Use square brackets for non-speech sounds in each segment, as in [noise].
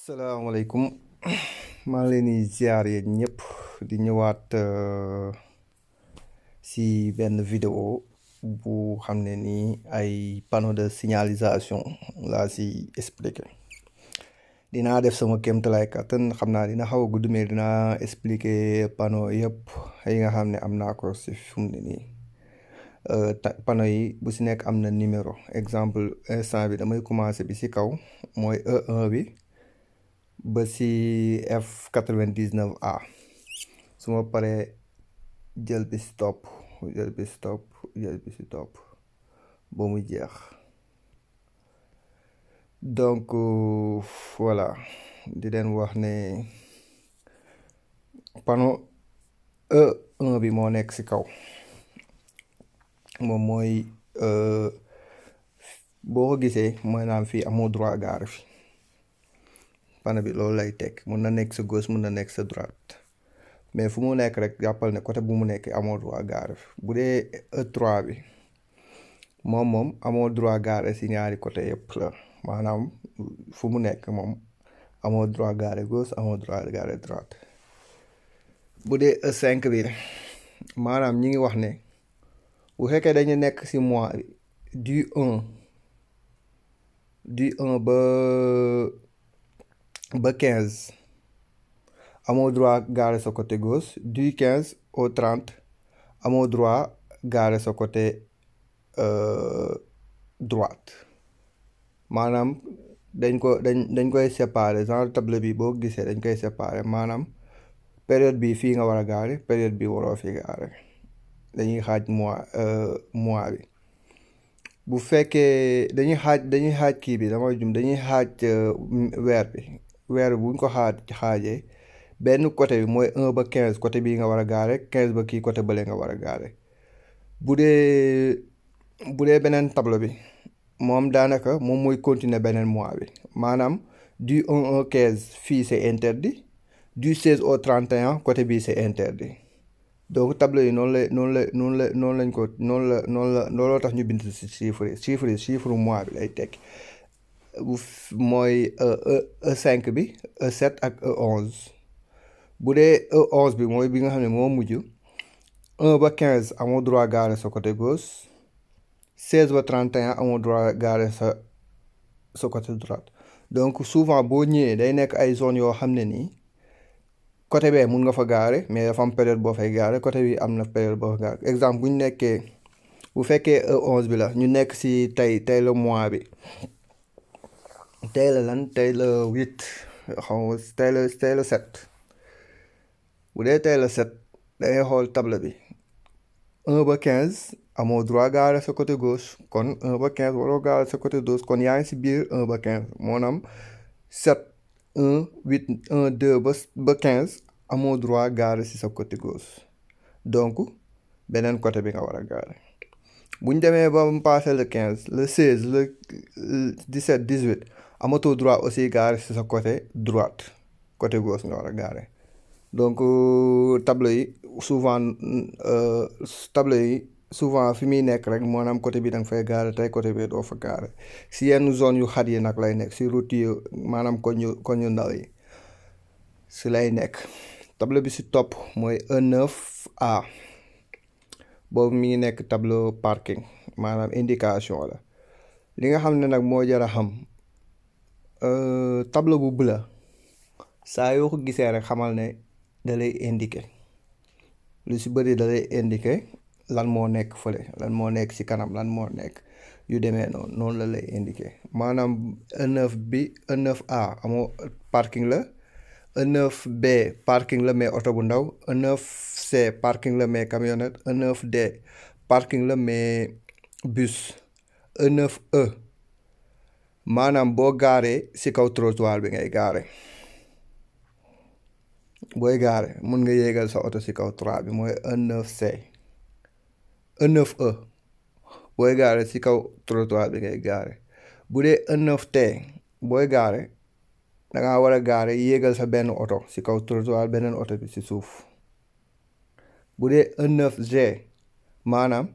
salaamaaleykum [coughs] maa ngi leen di ziar yéen ñëpp di ñëwaat euh, si benn vidéo bu xam ne nii ay panneau de signalisation laa si expliqué dinaa def sama kéemtalaay kàttan xam naa dina xaw a gudd mais dinaa expliqué panneau yëpp yi nga xam ne am naa ko si fi mu nii euh, panneau yi bu si nekk am na numéro exemple instant bi damay commencé bi si kaw mooy e bi. ba si F quatre-vingt-dix-neuf A su paree jël bi si topp jël bi si topp jël bi si topp ba mu jeex donc euh, voilà di leen wax ne panneau e bi moo nekk si kaw moom mooy euh, boo ko gisee naan fii amoo droit gaare fi panne bi loolu lay tekk mun na nekk sa gauche mun na nekk sa droite mais fu mu nekk rek jàppal ne côté bu mu nekk amoo droit gaare bu dee e bi moom moom amoo droit gaare si ñaari côté yëpp maanaam fu mu nekk moom amoo droit gaare gauche amoo droit gaare droite bu dee E5 bi maanaam ñi ngi wax ne bu fekkee dañu nekk si mois du 1 du 1 ba. ba quinze amoo droit gaare sa côté gauche du quinze au trente amoo droit gaare sa côté euh, droite maanaam dañ ko dañ dañ koy séparer genre table bi boo gisee dañ koy séparer maanaam période bi fii nga war a gaare période bi waroo fi gaare dañuy xaaj mois euh, mois bi bu fekkee dañuy xaaj dañuy xaaj kii bi dama jum dañuy xaaj euh, weer bi weer buñ ko xaaj xaajee benn côté bi mooy un ba quinze côté bii nga war a gaare quinze ba kii côté bële nga war a gaare bu dee bu dee beneen tableau bi moom daanaka moom mooy continuer beneen mois bi maanaam du un au quinze fii c'est interdit du seize au trente et un côté bii c'est interdit donc table yi noonu la noonu la noonu la noonu lañ ko noonu la noonu la looloo tax ñu bind ci chiffre chiffre chiffre mois bi lay tekki bu mooy E5 e, e bi E7 ak E11 bu dee E11 bi mooy bi nga xam ne moo mujj ba quinze amoo droit gaare sa côté gauche 16 ba 31 amoo droit gaare sa sa côté droite donc souvent boo ñëwee day nekk ay zone yoo xam ne nii côté bee mun nga fa gaare mais dafa période boo fay gaare côté bi am na période boo fa gaare exemple bu nekkee bu fekkee E11 bi la ñu nekk si tey tey le mois bi tey la lan tey la huit xaw ma tey la tey bu dee tey la sept dangay xool table bi un ba quinze amoo droit gaare sa côté gauche kon un ba quinze waroo gaare sa côté gauche kon yaa ngi si biir un ba quinze maanaam sept un huit un deux ba ba quinze amoo droit gaare si sa côté gauche donc beneen côté bi nga war a gaare bu ñu demee ba mu passé le quinze le seize le dix sept dix huit amatoo droit aussi garer si sa côté droite côté gauche nga war a garer donc euh, tableau yi souvent euh, tableau yi souvent fi muy nekk rek maanaam côté bi da nga fay garer tey côté bi doo fa garer si yenn zone yu xat yi nag lay nekk si route yi maanaam ko ñu ko ñu ndaw yi si lay nekk tableau bi si topp mooy E9A boobu mi ngi nekk tableau parking maanaam indication la li nga xam ne nag moo jar a xam Euh, tableau bu bula saa yoo ko gisee rek xamal ne da lay lu si bëri da lay lan moo nekk fële lan moo nekk si kanam lan moo nekk yu demee noonu noonu la lay indiquer maanaam E9 bi E9A amoo parking la E9B parking la mais oto bu ndaw E9C parking la mais camionnette E9D parking la mais bus e 9 maanaam boo gaaree si kaw trottoir bi ngay gaare booy gaare mun nga yéegal sa oto si kaw trottoir bi mooy un neuf C un neuf E booy gaare si kaw trottoir bi ngay gaare bu dee un neuf T booy gaare dangaa war a gaare yéegal sa benn oto si kaw trottoir beneen oto bi si suuf bu dee un neuf maanaam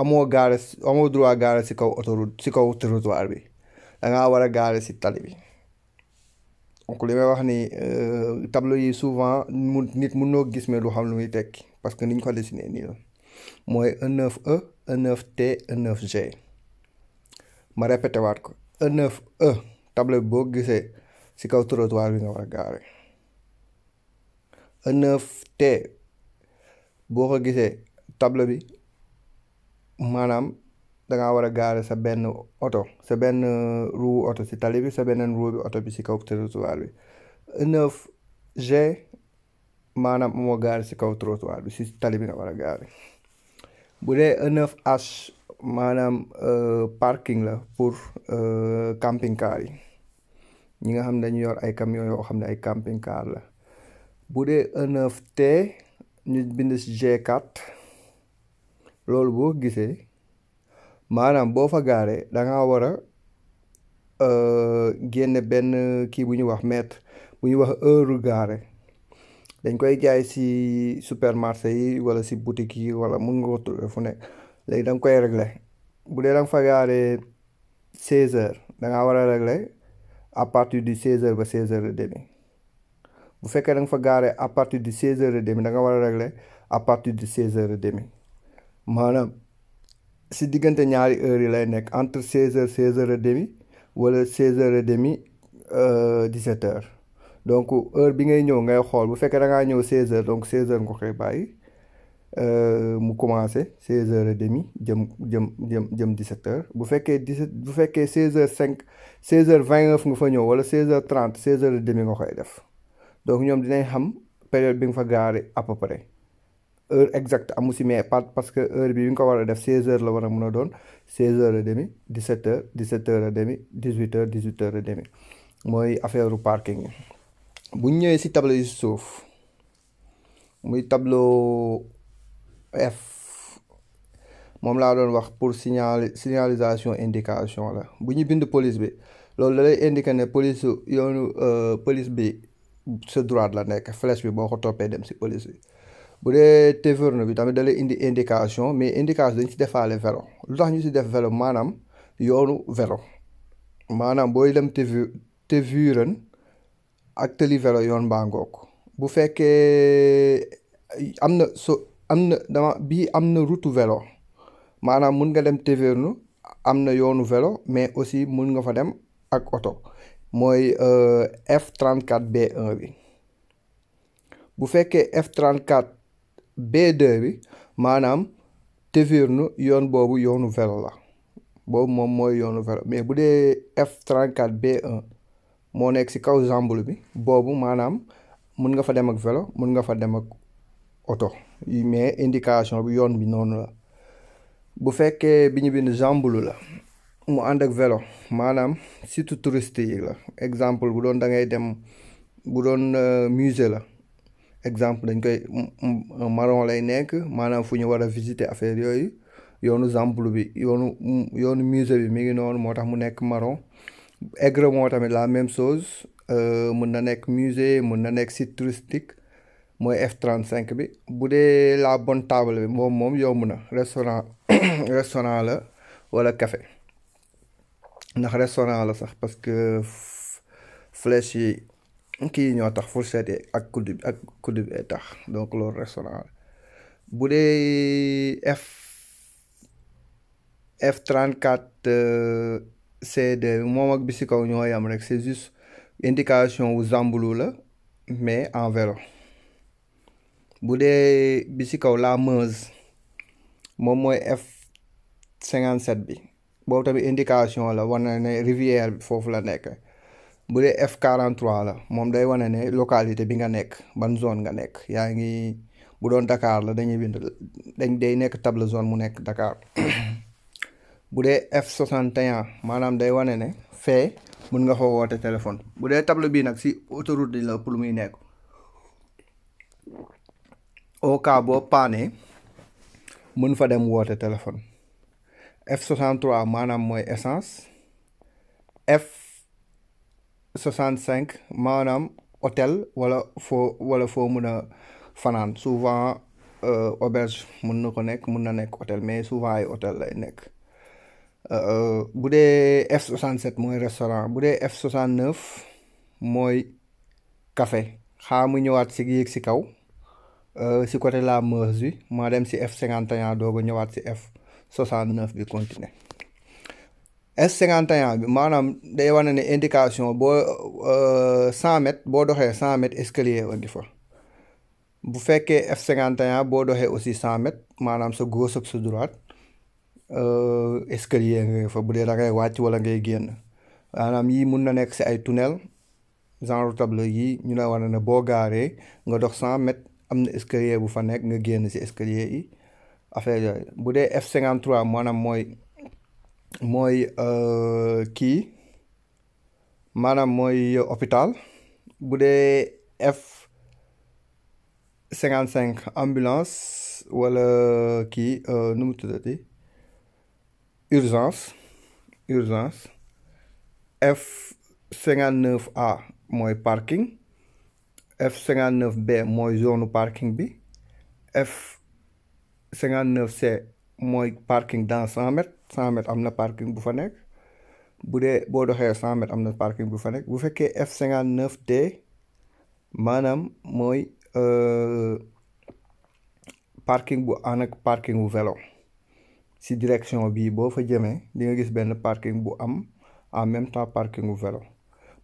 amoo gaale amoo droit gaale si kaw autoroute si kaw trottoir bi dangaa war a gaale si tali bi donc li may wax ni uh, table yi souvent mu nit mun noo gis mee du xam lu muy tekki parce que ni ñu ko dessiné nii la mooy E9E E9T e g ma répété waat ko E9E bi boo gisee si kaw trottoir bi nga war a gaare e, e t boo ko gisee tableau bi. maanaam danga war a gaare sa benn oto sa benn uh, roue oto si talibi sa beneen roue bi oto bi si kaw trottoir bi neuf G maanaam moo gaare si kaw trottoir bi si tali bi nga war a gaare bu dee neuf H maanaam uh, parking la pour uh, camping car yi ñi nga xam ne dañu yor ay camion yoo xam ne ay camping car la bu dee neuf T ñu bind si G4 loolu boo gisee maanaam boo fa gaaree da nga war a euh, génne benn kii bu ñuy wax mètre bu ñuy wax heure gaare dañ koy jaay si supermarché yi wala si boutique yi wala mun nga ko fu nekk léegi da koy régler bu dee da nga fa gaaree seize heures da nga war a régler à partir du seize heures ba seize heures demi bu fekkee da nga fa gaaree à partir du seize heures de demi da nga war a à partir du seize heures demi maanaam si diggante ñaari heures yi lay nekk entre seize heures seize heures et demi wala seize heures et demi euh, dix sept donc heure bi ngay ñëw ngay xool bu fekkee da ñëw seize heures donc seize heures nga koy bàyyi euh, mu commencé seize heures et demi jëm jëm jëm jëm dix sept bu fekkee dix bu fekkee seize heures cinq seize heures vingt fa ñëw wala seize trente seize demi nga koy def donc ñoom dinañ xam période bi nga fa gaare à peu près. heure exacte amu si mais pas parce que heure bi ñu nga ko war a def 16 heures la war a mën a doon 16 heures et demi 17 heures 17 heures demi 18 heures 18 heures demi mooy affaire parking yi bu ñëwee si tableau yi suuf muy tableau F moom laa doon wax pour signal signalisation indication la bu ñu bind police bi loolu da lay indiqué ne police yoonu euh, police bi sa droite la nekk flèche bi boo ko toppee dem si police bi. bu dee taverne bi tamit da indi indication mais indication dañ si defaale vélo lu tax ñu si def vélo maanaam yoonu velo maanaam booy dem taverne ak tëli vélo yoon baa ngoog bu fekkee am na so am na dama bii am na route velo maanaam mun nga dem taverne am na yoonu velo mais aussi mun nga fa dem ak oto mooy euh, F34B1 bi bu fekkee F34 B2 bi maanaam Tefirnu yoon boobu yoonu vélo la boobu moom mooy yoonu vélo mais bu dee F34 B1 moo nekk ci kaw jambul bi boobu maanaam mën nga fa dem ak vélo mën nga fa dem ak oto mais indication bi yoon bi noonu la bu fekkee bi ñu bind jambulu la mu ànd ak velo maanaam surtout touriste yi la exemple bu doon da ngay dem bu doon euh, musée la exemple dañ koy marron lay nekk maanaam fu ñu war a visiter affaire yooyu yoonu xemple bi yoonu yoonu musée bi mi ngi noonu moo tax mu nekk marron Aigremont tamit la même chose euh, mën na nekk musée mën na nekk site touristique mooy f cinq bi bu dee la bonne table bi moom moom yomb na restaurant [coughs] restaurant la wala kafe ndax restaurant la sax parce que kii ñoo tax fourchette yi ak kuddu ak kuddu bi tax donc loolu restaurant bu dee F F trente quatre euh, CD moom ak bi si kaw ñoo yam rek c'est juste indication wu Zambulu la mais en vélo bu dee bi ci kaw la Meuse moom mooy F cinquante sept bi boobu tamit indication la war na ne rivière bi foofu la nekk. bu dee F43 la moom day wane ne localité bi nga nekk ban zone nga nekk yaa ngi bu doon Dakar la dañuy bind dañ day nekk table zone mu nekk dakaar [coughs] bu dee F61 maanaam day wane ne fee mun nga ko woote téléphone bu dee table bii nag si autoroute la pour muy nekk au cas paanee mën fa dem woote téléphone F63 maanaam mooy essence soixante cinq maanaam hôtel wala foo wala foo mun a fanaan souvent euh, auberge mun na ko nekk mun na nekk hôtel mais souvent ay hôtel lay nekk euh, bu dee F soixante sept mooy restaurant bu dee F soixante neuf mooy café xaa mu ñëwaat si yéeg si kaw euh, si côté la Meuse bi maa si F cinquante et un doog a ñëwaat si F soixante neuf bi continuer S51 bi maanaam day wane ne indication boo euh, cent mètres boo doxee cent mètres escalier andi fa bu fekkee F51 boo doxee aussi cent mètres maanaam sa gauche ak sa droite euh, escalier nga fa bu dee da ngay wàcc wala ngay génn maanaam yii mun na nekk si ay tunnel genre tableau yii ñu la wane ne boo gaaree nga dox cent am na escalier bu fa nekk nga génn si escalier yi affaire yooyu bu dee F53 maanaam mooy. mooy euh, kii maanaam mooy hôpital bu dee F cinquante cinq ambulance wala kii euh, nu mu tuddati urgence urgence F cinquante neuf A mooy parking F cinquante neuf B mooy zone parking bi F cinquante neuf C mooy parking dans cent mètres cent mètres am na parking bu fa nekk bu dee boo doxee cent mètres am na parking bu fa nekk bu fekkee F cinquante neuf T maanaam mooy euh, parking bu ànd ak parking bu vélo si direction bii boo fa jëmee di nga gis benn parking bu am en même temps parking bu vélo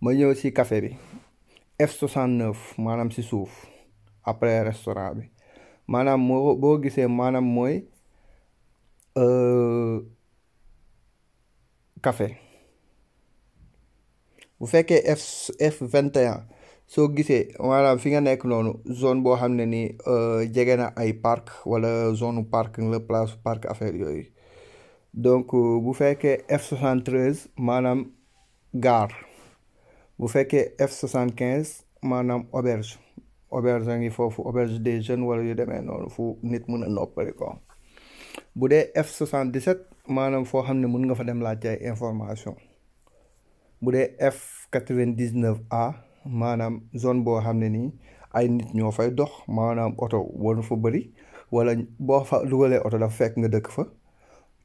ma ñëw si café bi F soixante neuf maanaam si suuf après restaurant bi maanaam moo boo gisee maanaam mooy. Euh, café bu fekkee F F soo gisee maanaam fi nga nekk noonu zone boo xam ne ni euh, jege na ay parc wala zone parc la place parc affaire yooyu donc bu fekkee F maanaam gare bu fekkee F soixante maanaam auberge auberge a ngi foofu auberge des jeunes wala yu demee noonu fu nit mun a noppali ko bu dee F soixante dix sept maanaam foo xam ne mun nga fa dem laajte ay information bu dee F quatre-vingt-dix-neuf A maanaam zone boo xam ne nii ay nit ñoo fay dox maanaam oto wanu fa bëri wala boo fa dugalee oto dafa fekk nga dëkk fa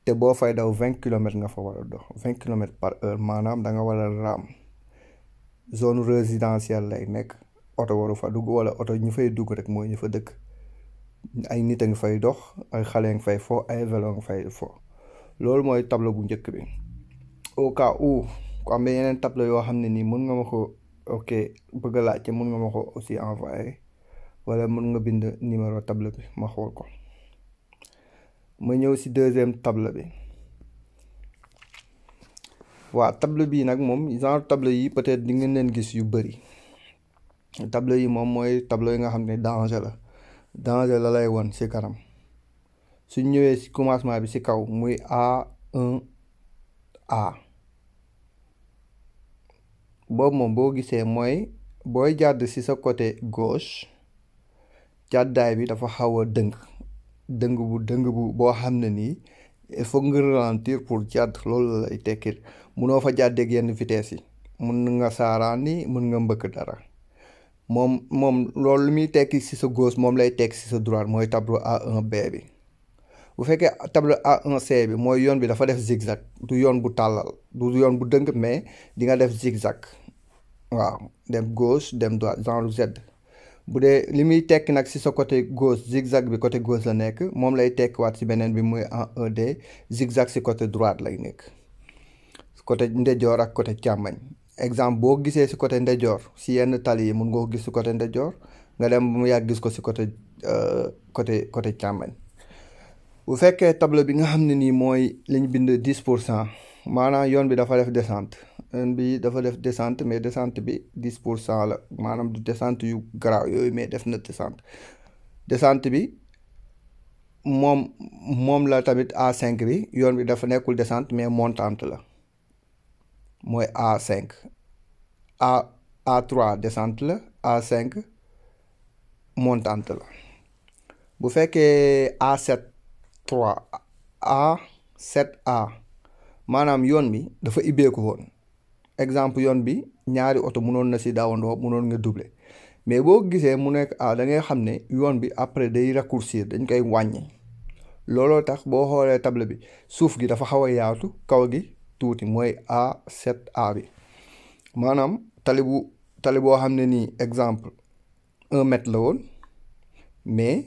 te boo fay daw vingt kilomètres nga fa war a dox vingt kilomètres par heure maanaam danga war a raam zone résidentielle lay nekk oto waru fa dugg wala oto ñu fay dugg rek mooy ñu fa dëkk ay nit a ngi fay dox ay xale nga fay fo ay vélo nga fay fo loolu mooy tableau bu njëkk bi au cas ku am yeneen tableau yoo xam ne nii mën nga ma ko ok bëgg a laajte mën nga ma ko aussi envoyé wala mën nga bind numéro tableau bi ma xool ko ma ñëw si deuxième tableau bi waa tableau bii nag moom genre tableau yi peut-être di ngeen leen gis yu bëri tableau yi moom mooy tableau yi nga xam ne danger la danger la lay won ci kanam suñ ñëwee ci commencement bi ci kaw muy A1 A boobu moom boo gisee mooy booy jàdd ci sa côté gauche jàddaay bi dafa xaw a dëng dëng bu dëng bu boo xam ne nii foog nga ralentir pour jàdd loolu lay tekkil munoo fa jàddeeg yenn vitesse yi mun nga saaraani mun nga mbëkk dara moom moom loolu muy tekki ci sa gauche moom lay tekki ci sa droite mooy tableau a un B bi bu fekkee table A1C bi mooy yoon bi dafa def zigzag du yoon bu tàllal du yoon bu dëng mais di nga def zigzag waaw dem gauche dem droite genre Z bu dee li muy tekki nag si sa côté gauche zigzag bi côté gauche la nekk moom lay tekkiwaat si beneen bi muy en ED zigzag si côté droite lay nekk côté ndejoor ak côté càmmañ exemple boo gisee si côté ndejoor si yenn tali yi mun ngoo gis si côté ndejoor nga dem mu yàgg gis ko si côté euh, côté côté càmmañ bu fekkee table bi nga xam ne nii mooy la ñu bind dix pour cent maanaam yoon bi dafa def descente yoon bi dafa def descente mais descente bi dix pour cent la maanaam du descente yu garaaw yooyu mais def na descente descente bi moom moom la tamit a cinq bi yoon bi dafa nekkul descente mais montante la mooy A5 A cinq a a trois descente la a cinq montante la bu fekkee A7. 3 A 7 A maanaam yoon bi dafa ibbeeku woon exemple yoon bi ñaari oto munoon na si daawandoo mënoon nga doubler mais boo gisee mu nekk A da ngay xam ne yoon bi après day raccourcir dañ koy wàññi looloo tax boo xoolee table bi suuf gi dafa xaw a yaatu kaw gi tuuti mooy A set A bi maanaam tali bu tali boo xam ne nii exemple un mètre la woon mais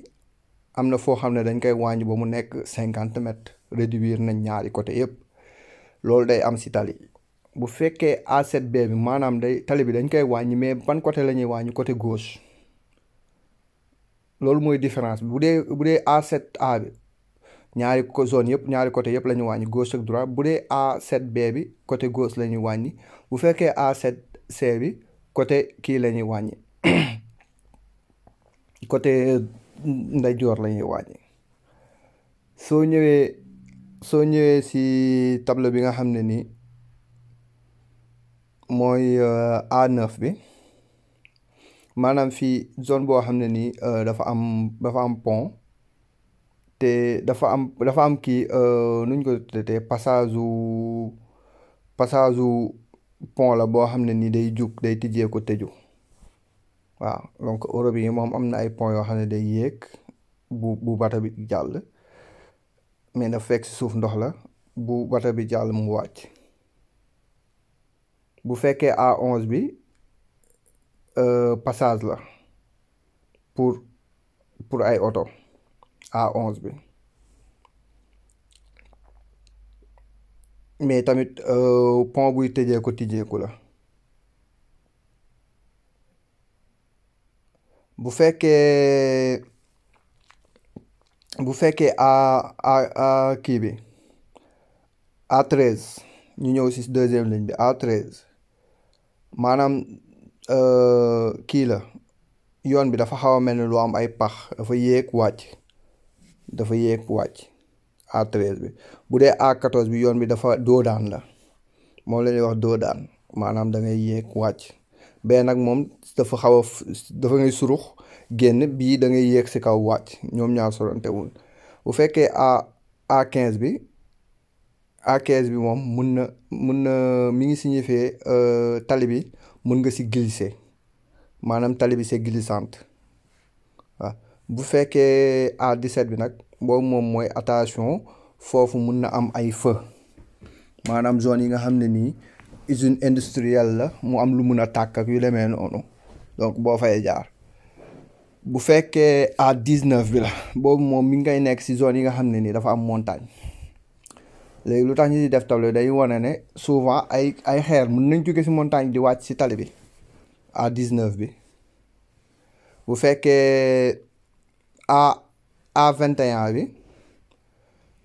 am na foo xam ne dañ koy wàññi ba mu nekk cinquante mètres réduire nañ ñaari côté yëpp loolu day am si tali bu fekkee A7B bi maanaam day tali bi dañ koy wàññi mais ban côté la ñuy wàññi côté gauche loolu mooy différence bi bu dee bu dee A7A ñaari zone yëpp ñaari côté yëpp la ñuy wàññi gauche ak droite bu dee A7B bi côté gauche la ñuy wàññi bu fekkee A7C bi côté kii la ñuy wàññi [coughs] ndeyjoor la ñuy wàññi soo ñëwee soo ñëwee si table bi nga xam ne nii mooy euh, A9 bi maanaam fii zone boo xam ne nii euh, dafa am dafa am pont te dafa am dafa am kii euh, nu ñu ko tuddee passage u passage wu pont la boo xam ne nii day jug day tijjee ko tëju waaw donc euro bi moom am na ay points yoo xam ne day yéeg bu bu bi jàll mais na fekk si suuf ndox la bu bata bi jàll mu wàcc bu fekkee A11 bi euh, passage la pour pour ay oto A11 bi mais tamit euh, pont buy tëjee ko tijjeeku la bu fekkee bu fekkee a a a kii bi a treize ñu ñëw si deuxième ligne bi a treize maanaam euh, kii la yoon bi dafa xaw a mel ni lu am ay pax dafa yéeg wàcc dafa yéeg wàcc a treize bi bu dee a quatorze bi yoon bi dafa doodaan la moom la ñuy wax doodaan maanaam da ngay yéeg wàcc bee nag moom dafa xaw a dafa ngay surux génn bii da ngay yéeg si kaw wàcc ñoom ñaar sorante wul bu fekkee a a bi a bi moom mun na mun na mi ngi signifié euh, tali bi mun nga si glisser maanaam tali bi c'est glissante waaw bu fekkee A17 bi nag boobu moom mooy attention foofu mun na am ay feu maanaam zone yi nga xam ne nii usine industrielle la mu am lu mun a tàkk ak yu demee noonu donc boo fay jaar bu fekkee à dix-neuf bi la boobu moom mi ngay nekk si zone yi nga xam ne nii dafa am montagne léegi lu tax ñu di def tableau day wane ne souvent ay ay xeer mun nañ jóge si montagne di wàcc si tali bi à dix-neuf bi bu fekkee à à vingt bi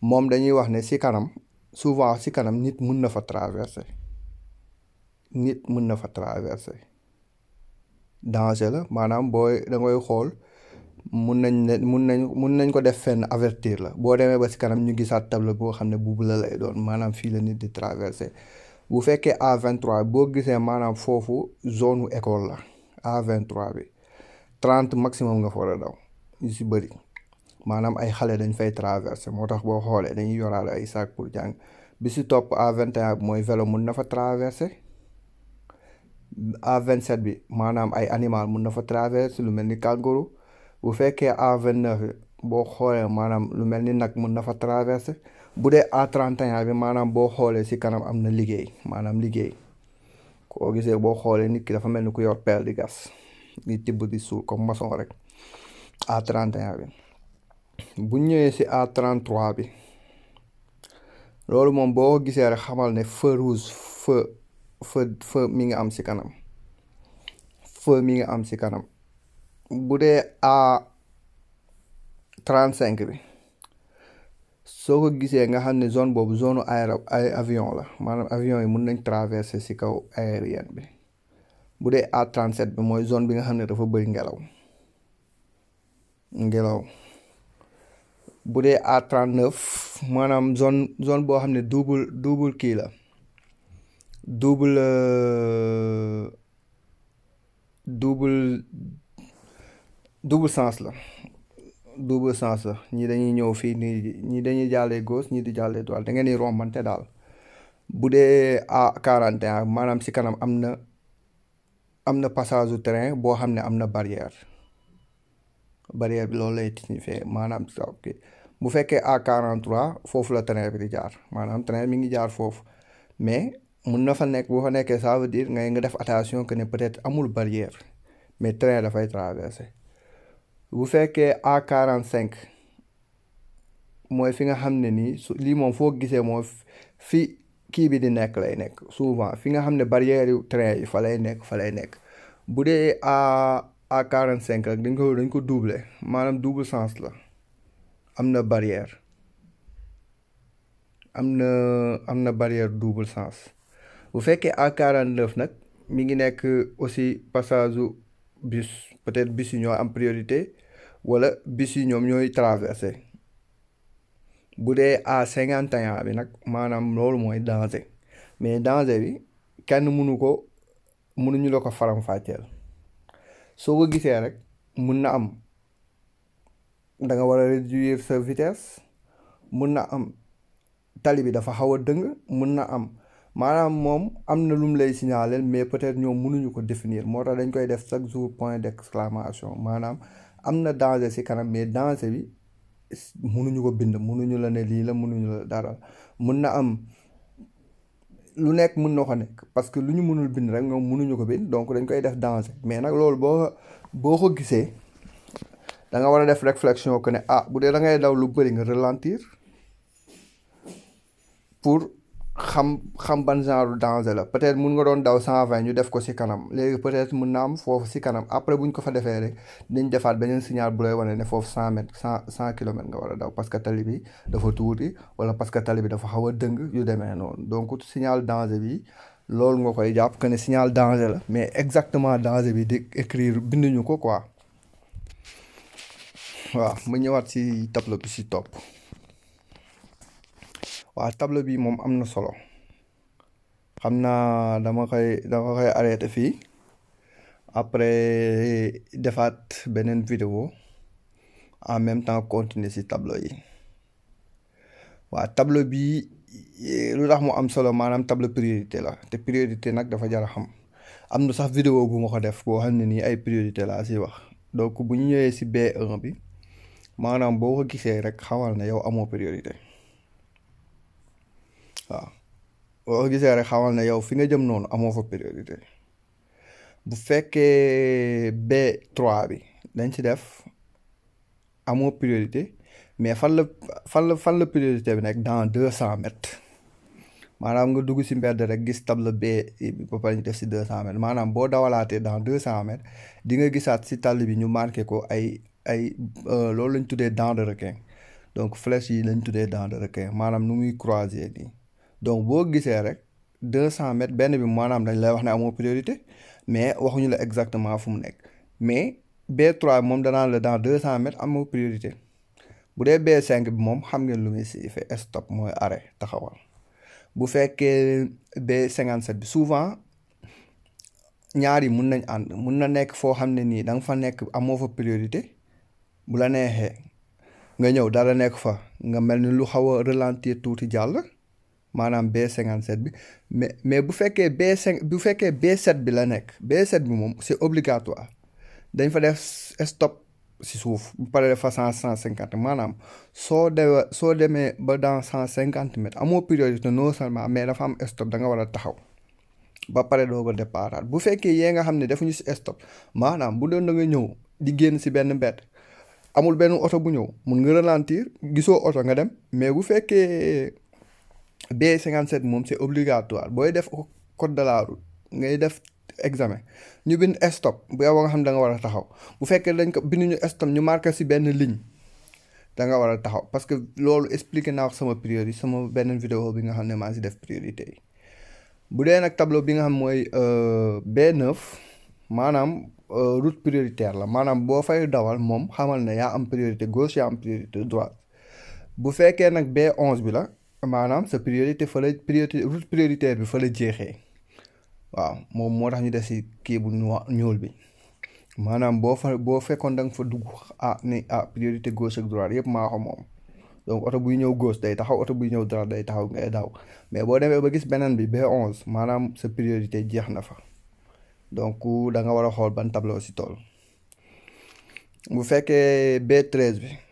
moom dañuy wax ne si kanam souvent si kanam nit mun na fa traverser nit mun na fa traverser danger la maanaam booy da xool mun nañ ne mun nañ mun nañ ko def fenn avertir la boo demee ba si kanam ñu gisaat table boo xam ne bu bula lay doon maanaam fii la nit di traverser bu fekkee A23 boo gisee maanaam foofu zone u école la A23 bi trente maximum nga fa war a daw ñu si bëri maanaam ay xale dañ fay traverser moo tax boo xoolee dañuy yoraale ay sac pour jàng bi si topp A21 mooy velo mun na fa traverser A27 bi maanaam ay animal mun na fa traverse lu mel ni kangourou bu fekkee A29 bi boo xoolee maanaam lu mel ni nag mun na fa traverse bu dee A31 bi maanaam boo xoolee si kanam am na liggéey maanaam liggéey koo gisee boo xoolee nit ki dafa mel ni ku yor pelle di gas di tibb di suul comme maçon rek A31 bi bu ñëwee si A33 bi loolu moom boo ko gisee rek xamal ne feu rouge feu fa fa mi nga am si kanam fa mi nga am si kanam bu dee a trente cinq bi soo ko gisee nga xam ne zone boobu zone aéro ay avion la maanaam avion yi mun nañ traverser si kaw aérien bi bu dee a trente sept bi mooy zone bi nga xam ne dafa bëri ngelaw ngelaw bu dee a trente neuf maanaam zone zone boo xam ne double double kii la double euh, double double sens la double sens la ñii dañuy ñëw fii nii ñii dañuy jàllee gauche ñii di jàllee droite da ngeen di daal bu dee a quarante et maanaam si kanam am na am na passage du terrain boo xam ne am na barrière barrière bi loolu lay fi maanaam sa ok bu fekkee à quarante trois foofu la train bi di jaar maanaam train mi ngi jaar foofu mais mun na fa nekk boo fa nekkee ça veut dire ngay nga def attention que ne peut-être amul barrière mais train dafay traversé bu fekkee a cinq mooy fi nga xam ne nii su lii moom foo gisee moom fi kii bi di nekk lay nekk souvent fi nga xam ne barrière yu train yi fa lay nekk fa lay nekk bu dee A a cinq rek dañ ko dañ ko doubler maanaam double sens la am na barrière am na am na barrière double sens bu fekkee A quarante neuf nag mi ngi nekk aussi passage u bus peut-être bus yi ñoo am priorité wala bus yi ñoom ñooy traversé bu dee A cinquante et un bi nag maanaam loolu mooy danger mais danger bi kenn munu ko mënuñu la ko faram-fàcceel soo ko gisee rek mun na am danga nga war a réduire sa vitesse mun na am tali bi dafa xaw a dëng mun na am maanaam moom am na lu mu lay signaler mais peut-être ñoom mënuñu ko définir moo tax dañ koy def chaque jour point d'exclamation maanaam am na danger si kanam mais danger bi munuñu ko bind mënuñu la ne lii la munuñu la dara mun na am lu nekk mun na ko nekk parce que lu ñu mënul bind rek ñoom munuñu ko bind donc dañ koy def danger mais nag loolu boo boo ko gisee da nga war a def réflexion que ne ah bu dee da ngay daw lu bëri nga ralentir pour. xam xam ban genre danger la peut-être mun nga doon daw cent vingt ñu def ko ci kanam léegi peut-être mun na am foofu ci kanam après bu ñu ko fa defee rek dañ defaat beneen signal bu lay wane ne foofu cent mètres cent cent kilomètres nga war a daw parce que tali bi dafa tuuti wala parce que tali bi dafa xaw a dëng yu demee noonu donc signal danger bi loolu nga koy jàpp que ne signal danger la mais exactement danger bi di écrire binduñu ko quoi waaw mu ñëwaat si tableau bi si topp. waa tableau bi moom am na solo xam naa dama koy dama koy arrêté fii après defaat beneen vidéo en même temps continuer ci tableau yi waaw tableau bi lu tax mu am solo maanaam tableau priorité la te priorité nag dafa jar a xam am na sax vidéo bu ma ko def boo xam ne nii ay priorité laa ci wax donc bu ñu ñëwee ci B1 bi maanaam boo ko gisee rek xawal na yow amoo priorité waaw boo gisee rek xamal ne yow fi nga jëm noonu amoo fa priorité bu fekkee B3 bi dañ ci def amoo priorité mais fan la fan la fan la priorité bi nekk dans deux cent mètres maanaam nga dugg si mbedd rek gis table B bi ba pare def si deux cent mètres maanaam boo dawalaatee dans deux cent mètres di nga gisaat si tàll bi ñu marqué ko ay ay euh, loolu lañ tuddee dans de requin donc flèche yi lañ tuddee dans de requin maanaam nu muy croiser nii donc boo gisee rek deux cent mètres benn bi maanaam dañ lay wax ne amoo priorité mais waxuñu la exactement fu mu nekk mais B3 moom danaan la dans deux cent mètres amoo priorité bu dee b cinq bi moom xam nga lu muy signifié stop mooy arrêt taxawal bu fekkee B57 bi souvent ñaar yi mun nañ ànd mun na nekk foo xam ne nii da nga fa nekk amoo fa priorité bu la neexee nga ñëw dara nekk fa nga mel ni lu xaw a ralentir tuuti jàll maanaam B57 bi mais mais bu fekkee B5 bu fekkee B7 bi la nekk b set bi moom c'est obligatoire dañ fa def stop si suuf bu paree dafa cent cinquante maanaam soo demee soo demee ba dans cent cinquante mètres amoo priorité non mais dafa am stop da war a taxaw ba pare doo ko bu fekkee yee nga xam ne defuñu si stop maanaam bu doon da nga ñëw di génn si benn mbedd amul benn oto bu ñëw mun nga ralentir gisoo oto nga dem mais bu fekkee. B57 moom c'est obligatoire booy def code de la route ngay def examen ñu bind stop bu yow nga xam ne nga war a taxaw bu fekkee dañ ko bind ñu stop ñu marqué ci benn ligne da nga war a taxaw parce que loolu explique naa wax sama priorité sama benn video bi nga xam ne maa si def priorité yi bu dee nag tableau bi nga xam mooy euh, B9 maanaam euh, route prioritaire la maanaam boo fay dawal moom xamal ne yaa am priorité gauche yaa am priorité droite bu fekkee nag b onze bi la. maanaam sa priorité fa la priorité route prioritaire bi fa la jeexee waaw moom moo tax ñu def si kii bu ñuul bi maanaam boo fa boo fekkoon da nga fa dugg ah ni ah priorité gauche ak droite yëpp maaxo ko moom donc oto buy ñëw gauche day taxaw oto buy ñëw droite day taxaw ngay daaw mais boo demee ba gis beneen bi B11 maanaam sa priorité jeex na fa donc danga nga war a xool ban tableau si tool bu fekkee B13 bi.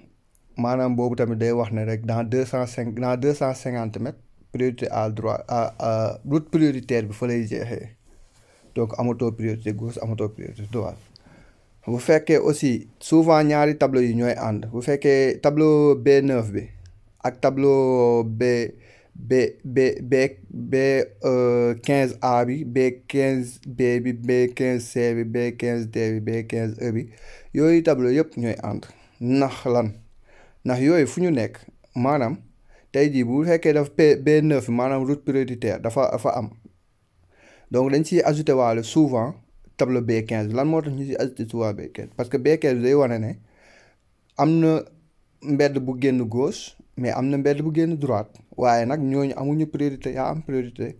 maanaam boobu tamit day wax ne rek dans deux cent cinq dans deux cent cinquante mètres priorité à droit à route prioritaire bi fa lay jeexee donc amatoo priorité gauche amatoo priorité droite bu fekkee aussi souvent ñaari tableau yi ñooy ànd bu fekkee tableau B9 bi ak tableau B B B B B 15A euh, bi B 15B bi B 15C bi B 15D bi B 15 e yooyu tableau yëpp ñooy ànd ndax lan ndax yooyu fu ñu nekk maanaam tey jii bu fekkee daf P b maanaam route prioritaire dafa dafa am donc dañ ciy ajouté waale souvent tableau b quinze lan moo tax ñu ciy ajouté souvent B15 parce que B15 day wane ne am na mbedd bu génn gauche mais am na mbedd bu génn droite waaye nag ñooñu amuñu priorité yaa am priorité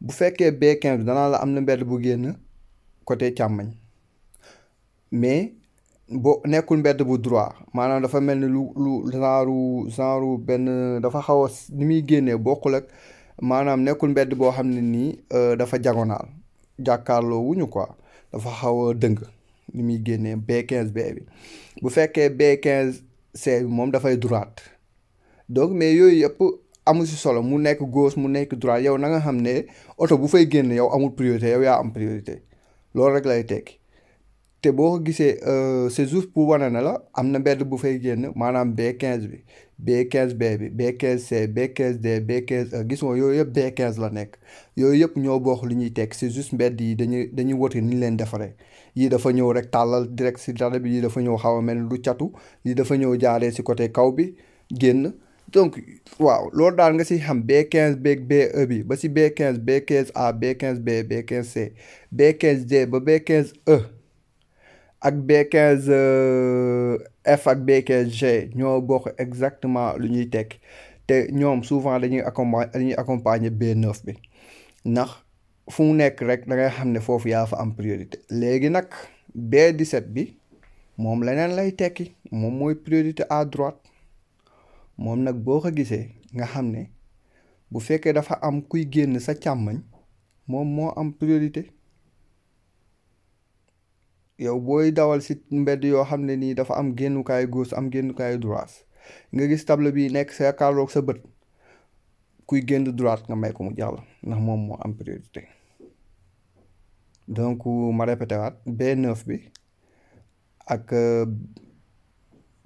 bu fekkee B15 bi danaa la am na mbedd bu génn côté càmmañ mais bo nekkul mbedd bu droit maanaam dafa mel ni lu lu genre genre benn dafa xaw a ni muy génnee bokkul ak maanaam nekkul mbedd boo xam ne nii euh, dafa jagonaal jàkkaarloo wuñu quoi dafa xaw a dëng ni muy génnee b quinze b bi bu fekkee b quinze c bi moom dafay droite donc mais yooyu yëpp amul si solo mu nekk gos mu nekk droite yow na nga xam ne oto bu fay génn yow amul priorité yow yaa am priorité loolu rek lay tekki. te boo ko gisee c'est juste pour wane na la am na mbedd bu fay génn maanaam b quinze bi B15B bi B15C B15D B15E yooyu yëpp B15 la nekk yooyu yëpp ñoo bokk li ñuy teg c'est juste mbedd yi dañuy dañuy wote ni leen defaree yii dafa ñëw rek tàllal direct si dara bi yii dafa ñëw xaw a mel lu catu yii dafa ñëw jaaree si côté kaw bi génn donc waaw loolu daal nga si xam B15 beeg BE bi ba si B15 B15A B15B B15C B15D ba B15E ak B15 euh, F ak B15 G ñoo bokk exactement lu ñuy tekk te ñoom souvent dañuy accompagner dañuy accompagner B9 bi ndax fu mu nekk rek da ngay xam ne foofu yaa fa am priorité léegi nag B17 bi moom leneen lay tekki moom mooy priorité à droite moom nag boo ko gisee nga xam ne bu fekkee dafa am kuy génn sa càmmañ moom moo am priorité yow booy dawal si mbedd yoo xam ne nii dafa am génnukaay gauche am génnukaayu droite nga gis table bi nekk sa kaaroog sa bët kuy génn droite nga may ko mu jàll ndax moom moo am priorité donc ma répété waat B9 bi ak euh,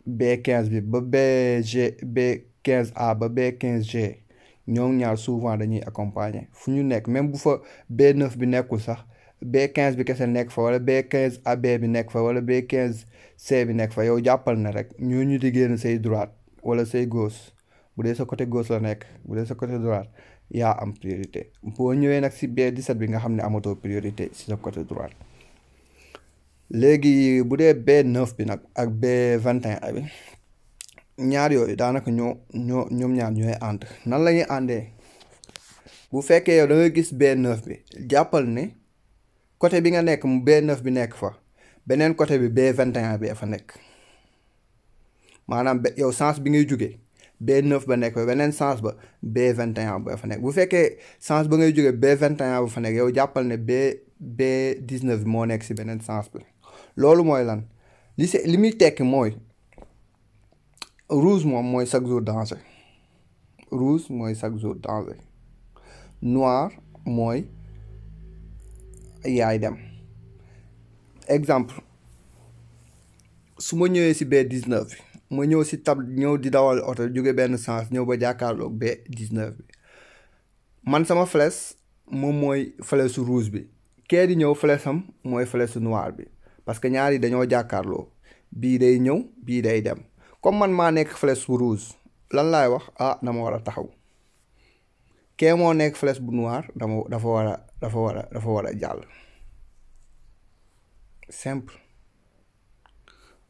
B15 bi ba BG B15A ba B15G ñoom ñaar souvent dañuy accompagner fu ñu nekk même bu fa B9 bi nekkul sax b quinze bi kese nekk fa wala bee 15 AB bi nekk fa wala bee 15 C bi nekk fa yow jàppal na rek ñu di génn say droite wala say gauche bu dee sa côté gauche la nekk bu dee sa côté droite yaa am priorité boo ñëwee nag si B17 bi nga xam ne amatoo priorité si sa côté droite léegi bu dee B9 bi nag ak B21 bi ñaar yooyu daanaka ñoo ñoo ñoom ñaar ñooy ànd nan lañuy àndee bu fekkee yow da gis B9 bi jàppal ne. côté bi nga nekk B9 bi nekk fa beneen côté bi B21 bi fa nekk maanaam yow sens bi ngay jugee B9 ba nekk fa beneen sens ba B21 ba fa nekk bu fekkee sens ba ngay jugee B21 ba fa nekk yow jàppal ne B B19 moo nekk si beneen sens bi loolu mooy lan li si li muy tekki mooy rouge moom mooy chaque jour danger rouge mooy chaque jour danger noir mooy. yaay dem exemple su ma ñëwee si B19 bi ma ñëw si tab ñëw di dawal oto jóge benn sens ñëw ba jàkkaarloog B19 bi man sama flèche moom mooy flèche su rouge bi kee di ñëw flèche am mooy flèche su noir bi parce que ñaar yi dañoo jàkkaarloo bii day ñëw bii day dem comme man maa nekk flèche su rouge lan laay wax ah dama war a taxaw kee moo nekk flèche bu noir dama dafa war a dafa war a dafa war a jàll simple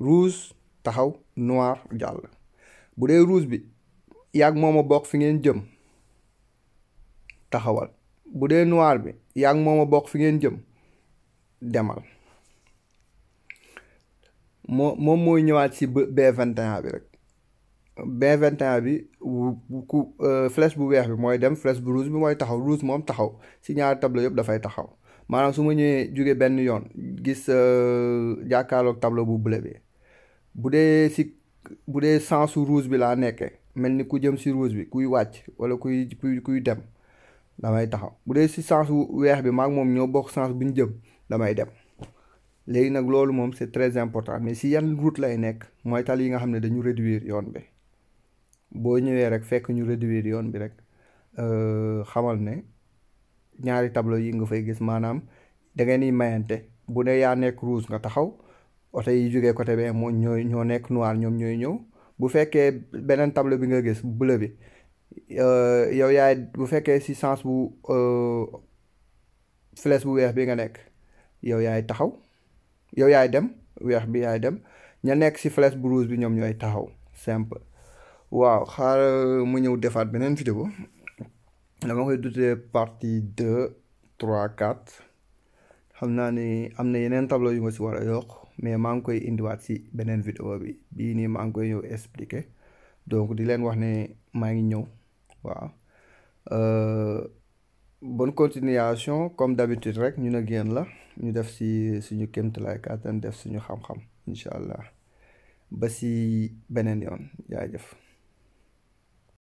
rouge taxaw noir jàll bu dee rouge bi yàgg moo ma bokk fi ngeen jëm taxawal bu dee noir bi yàgg moom a bokk fi ngeen jëm demal moo moom mooy ñëwaat ci B21 bi rek B21 bi ku euh, flèche bu weex bi mooy dem flèche bu rouge bi mooy taxaw rouge moom taxaw si ñaari tableau yëpp dafay taxaw maanaam su ma ñëwee jógee benn yoon gis euh, jàkkaarloog tableau bu bleu bi bu dee si bu dee sensu rouge bi laa nekkee mel ni ku jëm si rouge bi kuy wàcc wala kuy kuy dem damay taxaw bu dee si sensu weex bi maag moom ñoo bokk sens bu ñu jëm damay dem léegi nag loolu moom c'est très important mais si yan route lay nekk mooy tal yi nga xam ne dañu réduir yoon bi. boo ñëwee rek fekk ñu réduire yoon bi rek euh, xamal ne ñaari tableau yi nga fay gis maanaam da ngeen di mayante bu dee yaa nekk rouge nga taxaw oto yi jógee côté bee moo ñoo ñoo nekk noir ñoom ñooy ñëw bu fekkee beneen tableau bi nga gis bleu bi euh, yow yaay bu fekkee si sens bu euh, flèche bu weex bi nga nekk yow yaay taxaw yow yaay dem weex bi yaay dem ña nekk si flèche bu rouge bi ñoom ñooy taxaw simple waaw xaar mu ñëw defaat beneen vidéo dama koy dutee partie deux trois quatre xam naa ni am na yeneen tableau yu ma si war a yokk mais maa ngi koy indiwaat si beneen vidéo bi bii nii maa ngi koy ñëw expliquer donc di leen wax ne maa ngi ñëw waaw euh, bon continuation comme d'habitude rek ñu ne génn la ñu def si suñu kéemtalaay kàttan def suñu xam-xam incha allah ba si beneen yoon jaajëf